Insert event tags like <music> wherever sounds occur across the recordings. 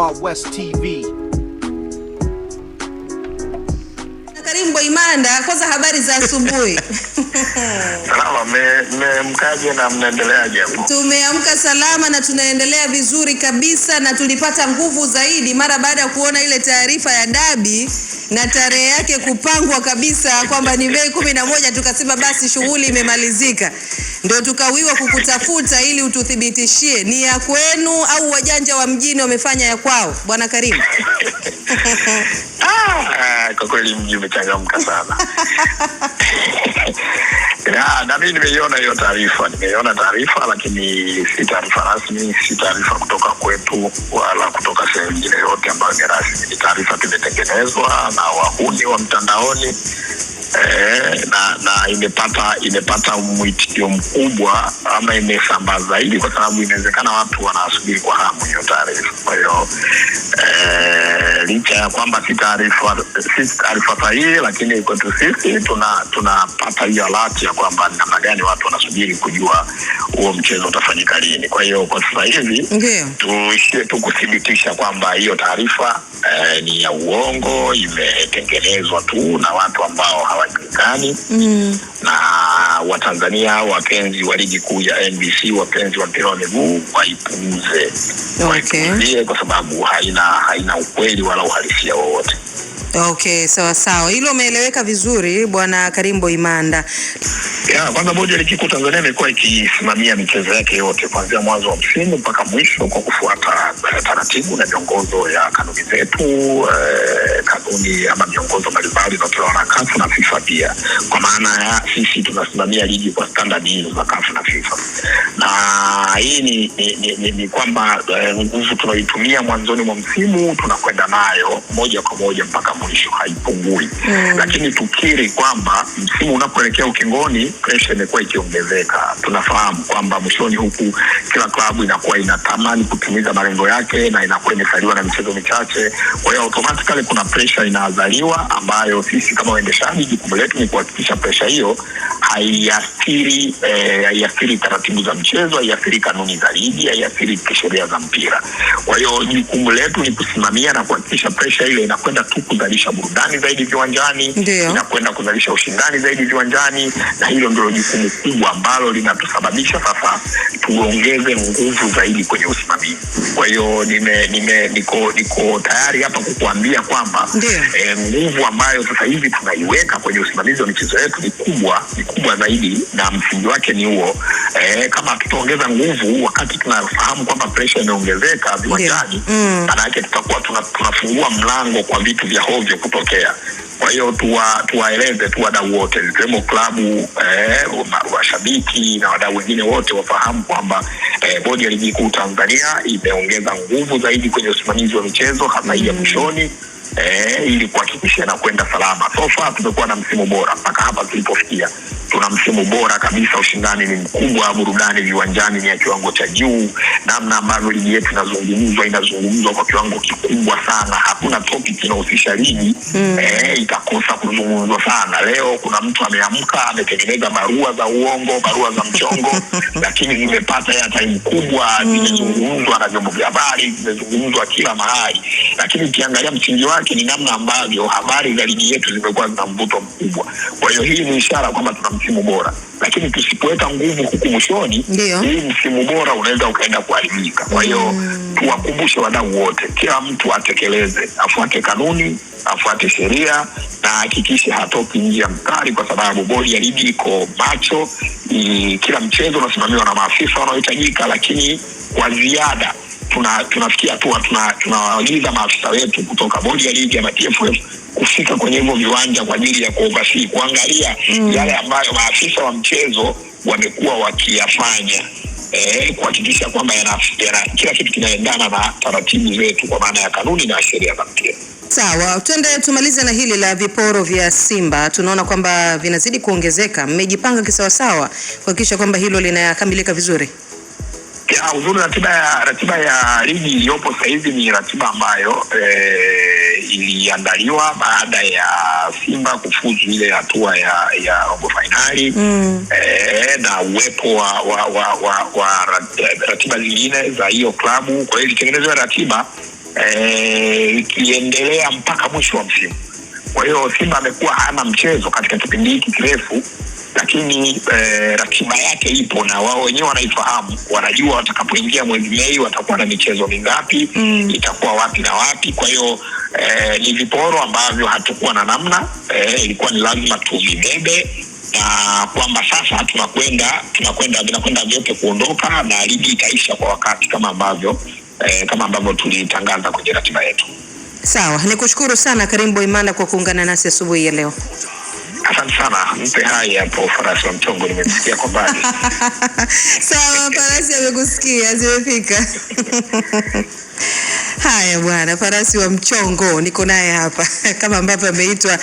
Wild West TV. kwanza habari za asubuhi. <laughs> Tumeamka salama na tunaendelea vizuri kabisa na tulipata nguvu zaidi mara baada ya kuona ile taarifa ya dabi na tarehe yake kupangwa kabisa kwamba ni Mei kumi na moja, tukasema basi shughuli imemalizika, ndio tukawiwa kukutafuta ili ututhibitishie ni ya kwenu au wajanja wa mjini wamefanya ya kwao, bwana Karimu. Ah, kwa kweli mji umechangamka sana <laughs> na mimi nimeiona hiyo taarifa, nimeiona taarifa, lakini si taarifa rasmi, si taarifa kutoka kwetu wala kutoka sehemu nyingine yote ambayo ni rasmi. Ni taarifa tumetengenezwa na wahuni wa mtandaoni eh, na, na imepata imepata mwitikio mkubwa ama imesambaa zaidi, kwa sababu inawezekana watu wanasubiri kwa hamu hiyo taarifa. Kwa hiyo eh, licha ya kwamba si taarifa si taarifa sahihi, lakini kwetu sisi tunapata tuna hiyo alati ya kwamba ni namna gani watu wanasubiri kujua huo mchezo utafanyika lini. Kwa hiyo kwa sasa hivi tuishie tu kuthibitisha kwamba hiyo taarifa eh, ni ya uongo, imetengenezwa tu na watu ambao hawajulikani mm. na Watanzania wapenzi wa ligi kuu ya NBC, wapenzi wa mpira wa miguu waipuuze, okay. kwa sababu haina haina ukweli wala uhalisia wowote. Okay, sawa sawa, hilo umeeleweka vizuri, Bwana Karimbo Imanda. Ya, kwanza bodi ya ligi kuu Tanzania imekuwa ikisimamia michezo yake yote kuanzia mwanzo wa msimu mpaka mwisho kwa kufuata eh, taratibu na miongozo ya kanuni zetu e, kanuni ama miongozo mbalimbali inatolewa na CAF na FIFA pia. Kwa maana ya sisi tunasimamia ligi kwa standard hizo za CAF na FIFA na hii ni, ni, ni, ni, ni kwamba eh, nguvu tunaoitumia mwanzoni mwa msimu tunakwenda nayo moja kwa moja mpaka mwisho, haipungui mm. Lakini tukiri kwamba msimu unapoelekea ukingoni, presha imekuwa ikiongezeka. Tunafahamu kwamba mwishoni huku kila klabu inakuwa inatamani kutimiza malengo yake na inakuwa imesaliwa na michezo michache, kwa hiyo automatikali kuna presha inazaliwa, ambayo sisi kama waendeshaji jukumu letu ni kuhakikisha presha hiyo haiathiri eh, haiathiri taratibu za mchezo, haiathiri kanuni za ligi, haiathiri sheria za mpira. Kwa hiyo jukumu letu ni kusimamia na kuhakikisha presha ile inakwenda tu kuzalisha burudani zaidi viwanjani, inakwenda kuzalisha ushindani zaidi viwanjani, na hilo ndilo jukumu kubwa ambalo linatusababisha sasa tuongeze nguvu zaidi kwenye usimamizi. Kwa hiyo nime, nime, niko, niko tayari hapa kukuambia kwamba eh, nguvu ambayo sasa hivi tunaiweka kwenye usimamizi wa michezo yetu ni kubwa, ni kubwa zaidi, na msingi wake ni huo e, kama tutaongeza nguvu wakati tunafahamu kwamba presha imeongezeka viwanjani, mm. maana yake tutakuwa tunafungua mlango kwa vitu vya hovyo kutokea. Kwa hiyo tuwaeleze tu wadau wote zikiwemo klabu eh, washabiki na wadau wengine wote wafahamu kwamba e, bodi ya ligi kuu Tanzania imeongeza nguvu zaidi kwenye usimamizi wa michezo hasa hii ya mm. mwishoni eh, ili kuhakikisha inakwenda salama. So far tumekuwa na msimu bora mpaka hapa tulipofikia, tuna msimu bora kabisa. Ushindani ni mkubwa, burudani viwanjani ni ya kiwango cha juu. Namna ambavyo ligi yetu inazungumzwa inazungumzwa kwa kiwango kikubwa sana, hakuna topic inahusisha ligi mm. eh, kuzungumzwa sana. Leo kuna mtu ameamka ametengeneza barua za uongo, barua za mchongo <laughs> lakini zimepata ya time kubwa, hmm. zimezungumzwa na vyombo vya habari, zimezungumzwa kila mahali, lakini ukiangalia msingi wake ni namna ambavyo habari za ligi yetu zimekuwa zina mvuto mkubwa. Kwa hiyo hii ni ishara kwamba tuna msimu bora, lakini tusipoweka nguvu huku mwishoni, hii msimu bora unaweza ukaenda kuharibika. Kwa hiyo mm, tuwakumbushe wadau wote, kila mtu atekeleze, afuate kanuni, afuate sheria na ahakikishe hatoki nje ya kwa sababu bodi ya ligi iko macho. Kila mchezo unasimamiwa na maafisa wanaohitajika, lakini kwa ziada tuna tunafikia hatua tunawaagiza tuna maafisa wetu kutoka bodi ya ligi ama TFF kufika kwenye hivyo viwanja kwa ajili ya kuovasi kuangalia mm. yale ambayo maafisa wa mchezo wamekuwa wakiyafanya eh, kuhakikisha kwamba kila kitu kinaendana na taratibu zetu kwa maana ya kanuni na sheria za mchezo. Sawa, twende tumalize na hili la viporo vya Simba. Tunaona kwamba vinazidi kuongezeka, mmejipanga kisawasawa kuhakikisha kwamba hilo linakamilika vizuri. Ya, uzuri ratiba ya ratiba ya ligi iliyopo sasa hivi ni ratiba ambayo e, iliandaliwa baada ya Simba kufuzu ile hatua ya ya robo fainali mm. E, na uwepo wa, wa, wa, wa, wa ratiba zingine za hiyo klabu, kwa hiyo ilitengenezwa ratiba eh, ikiendelea mpaka mwisho wa msimu. Kwa hiyo Simba amekuwa hana mchezo katika kipindi hiki kirefu, lakini eh, ratiba yake ipo na wao wenyewe wanaifahamu, wanajua watakapoingia mwezi Mei watakuwa na michezo mingapi, mm. itakuwa wapi na wapi. Kwa hiyo eh, ni viporo ambavyo hatukuwa na namna eh, ilikuwa ni lazima tuvibebe na kwamba sasa tunakwenda tunakwenda vinakwenda vyote kuondoka na ligi itaisha kwa wakati kama ambavyo eh, kama ambavyo tulitangaza kwenye ratiba yetu. Sawa, nikushukuru sana Karim Boimanda kwa kuungana nasi asubuhi ya leo. Asante sana. Mpe hai hapo farasi wa mchongo, nimesikia kwa mbali. <laughs> Sawa, farasi amekusikia, zimefika. <laughs> Haya bwana, farasi wa mchongo niko naye hapa <laughs> kama ambavyo ameitwa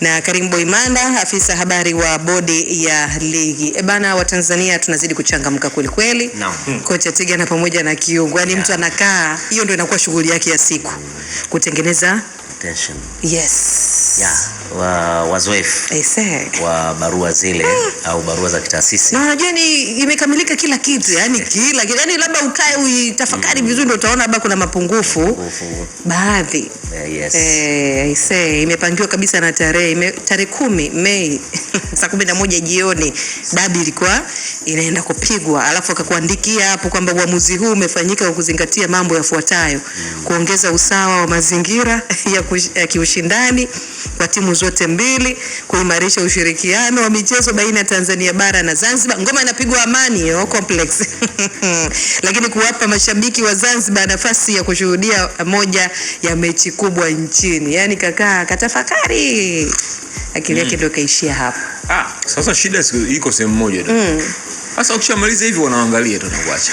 na Karim Boimanda, afisa habari wa bodi ya ligi. E bana, Watanzania tunazidi kuchangamka kweli kweli. No. Hmm. Kocha Tiga na pamoja na kiungo, yaani yeah. Mtu anakaa, hiyo ndio inakuwa shughuli yake ya siku kutengeneza tension. Yes. Yeah wa wazoefu wa barua zile ah, au barua za kitaasisi. Na unajua ni imekamilika kila kitu, yani kila kitu, yani labda ukae uitafakari mm. vizuri mm, ndio utaona labda kuna mapungufu baadhi eh, yes. Eh, I say imepangiwa kabisa na tarehe tarehe kumi Mei <laughs> saa kumi na moja jioni dabi ilikuwa inaenda kupigwa, alafu akakuandikia hapo kwamba uamuzi huu umefanyika kwa kuzingatia mambo yafuatayo: mm, kuongeza usawa wa mazingira <laughs> ya, ya kiushindani kwa timu zote mbili kuimarisha ushirikiano wa michezo baina ya Tanzania bara na Zanzibar. Ngoma inapigwa Amani yo complex <laughs> lakini kuwapa mashabiki wa Zanzibar nafasi ya kushuhudia moja ya mechi kubwa nchini. Yani kakaa katafakari akili yake mm. ndio mm. kaishia hapo. Ah, sasa shida iko sehemu moja tu. Mm. Sasa ukishamaliza hivi wanaangalia tu na kuacha.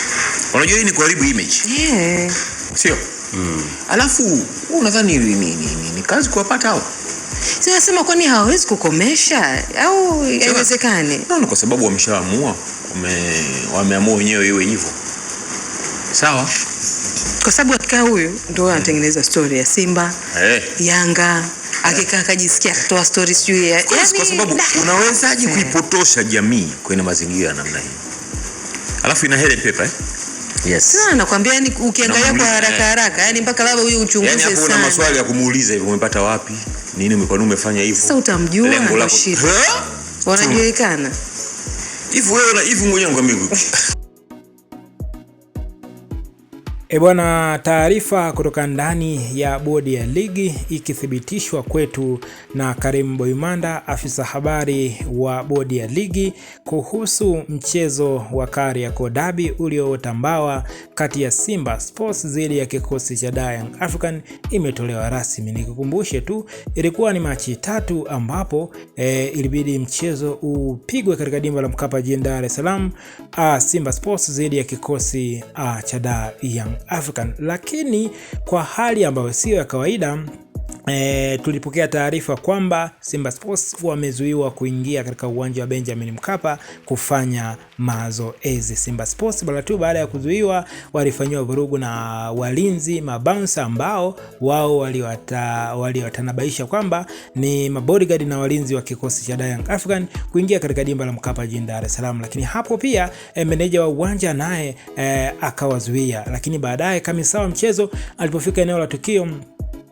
Unajua hii ni kuharibu image. Yeah. Sio? Mm. Alafu unadhani ni, ni, ni, ni kazi kuwapata hao? Sinasema kwani hawawezi kukomesha au haiwezekani? Naona kwa sababu wameshaamua, wameamua wenyewe iwe hivyo, sawa kwa sababu akikaa huyu ndo anatengeneza stori ya Simba hey, eh. Yanga akikaa akajisikia akatoa stori sijui ya yani, kwa sababu unawezaje kuipotosha jamii kwenye mazingira ya namna hii alafu ina hele pepa eh? Yes. Sasa nakwambia yani ukiangalia kwa haraka eh. haraka yani mpaka labda huyu uchunguze sana. Yaani hapo una maswali ya kumuuliza hivi umepata wapi? Nini umekuwa nini umefanya hivyo? Sasa utamjua lengo lako. Wanajulikana. Hivi wewe na hivi mwenyewe ngwambia <laughs> E bwana, taarifa kutoka ndani ya bodi ya ligi ikithibitishwa kwetu na Karim Boimanda, afisa habari wa bodi ya ligi kuhusu mchezo wa Kariakoo Derby ulioota kati ya Simba Sports dhidi ya kikosi cha Young African imetolewa rasmi. Nikukumbushe tu ilikuwa ni machi tatu ambapo e, ilibidi mchezo upigwe katika dimba la Mkapa jijini Dar es Salaam, Simba Sports dhidi ya kikosi cha Young African, lakini kwa hali ambayo siyo ya kawaida E, tulipokea taarifa kwamba Simba Sports wamezuiwa kuingia katika uwanja wa Benjamin Mkapa kufanya mazoezi. Simba Sports bala tu baada ya kuzuiwa walifanyiwa vurugu na walinzi mabansa ambao wao waliwatanabaisha wali kwamba ni mabodyguard na walinzi wa kikosi cha Young African kuingia katika dimba la Mkapa jijini Dar es Salaam, lakini hapo pia e, meneja wa uwanja naye eh, akawazuia, lakini baadaye kamisa wa mchezo alipofika eneo la tukio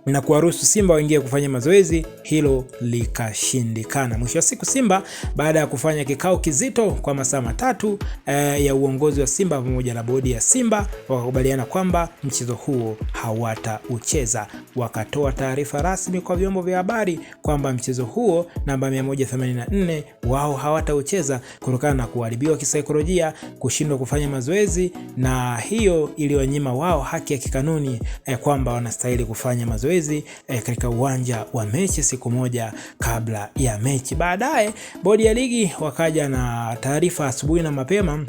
na kuwaruhusu Simba waingie kufanya mazoezi, hilo likashindikana. Mwisho wa siku, Simba baada ya kufanya kikao kizito kwa masaa matatu e, ya uongozi wa Simba pamoja na bodi ya Simba wakakubaliana kwamba mchezo huo hawataucheza. Wakatoa taarifa rasmi kwa vyombo vya habari kwamba mchezo huo namba 184 wao hawataucheza kutokana na kuharibiwa kisaikolojia, kushindwa kufanya mazoezi, na hiyo iliwanyima wao haki ya kikanuni e, kwamba wanastahili kufanya mazoezi mazoezi eh, katika uwanja wa mechi siku moja kabla ya mechi. Baadaye bodi ya ligi wakaja na taarifa asubuhi na mapema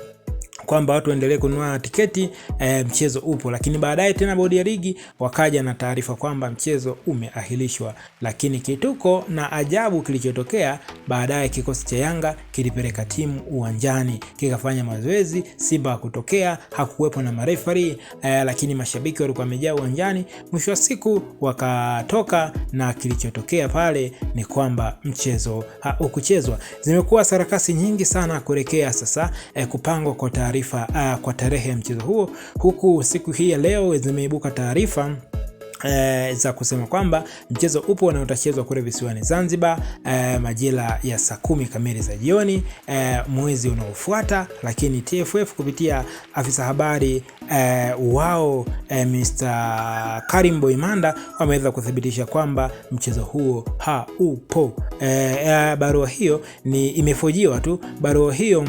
kwamba watu waendelee kununua tiketi eh, mchezo upo, lakini baadaye tena bodi ya ligi wakaja na taarifa kwamba mchezo umeahirishwa. Lakini kituko na ajabu kilichotokea baadaye, kikosi cha Yanga kilipeleka timu uwanjani kikafanya mazoezi, Simba hakutokea, hakuwepo na marefari eh, lakini mashabiki walikuwa wamejaa uwanjani. Mwisho wa siku wakatoka, na kilichotokea pale ni kwamba mchezo haukuchezwa. Zimekuwa sarakasi nyingi sana kuelekea sasa eh, kupangwa kwa taarifa taarifa ah, kwa tarehe ya mchezo huo, huku siku hii ya leo zimeibuka taarifa E, za kusema kwamba mchezo upo unaotachezwa kule visiwani Zanzibar e, majira ya saa kumi kamili za jioni e, mwezi unaofuata, lakini TFF kupitia afisa habari e, wao e, Mr. Karim Boimanda wameweza kuthibitisha kwamba mchezo huo haupo. E, e, barua hiyo ni imefojiwa tu, barua hiyo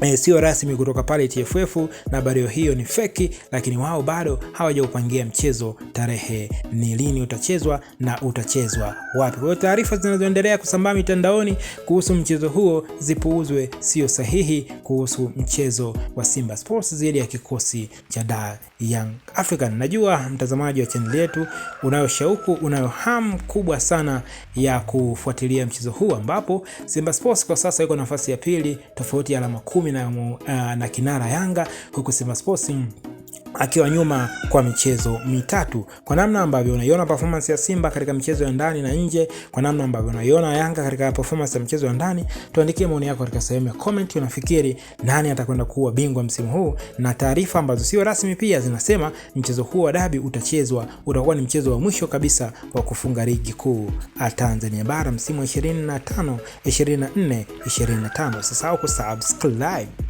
E, sio rasmi kutoka pale TFF na habari hiyo ni feki, lakini wao bado hawajaupangia mchezo, tarehe ni lini utachezwa na utachezwa wapi. Kwa hiyo taarifa zinazoendelea kusambaa mitandaoni kuhusu mchezo huo zipuuzwe, sio sahihi kuhusu mchezo wa Simba Sports dhidi ya kikosi cha Dar Young African. Najua mtazamaji wa chaneli yetu unayo shauku, unayo hamu kubwa sana ya kufuatilia mchezo huu ambapo Simba Sports kwa sasa iko nafasi ya pili, tofauti ya alama kumi na, uh, na kinara Yanga, huku Simba Sports akiwa nyuma kwa michezo mitatu, kwa namna ambavyo unaiona performance ya Simba katika michezo ya ndani na nje, kwa namna ambavyo unaiona Yanga katika performance ya michezo ya ndani. Tuandikie maoni yako katika sehemu ya comment, unafikiri nani atakwenda kuwa bingwa msimu huu, na taarifa ambazo sio rasmi pia zinasema mchezo huu wa dabi utachezwa, utakuwa ni mchezo wa mwisho kabisa wa kufunga ligi kuu Tanzania bara msimu 25 24 25. Usisahau kusubscribe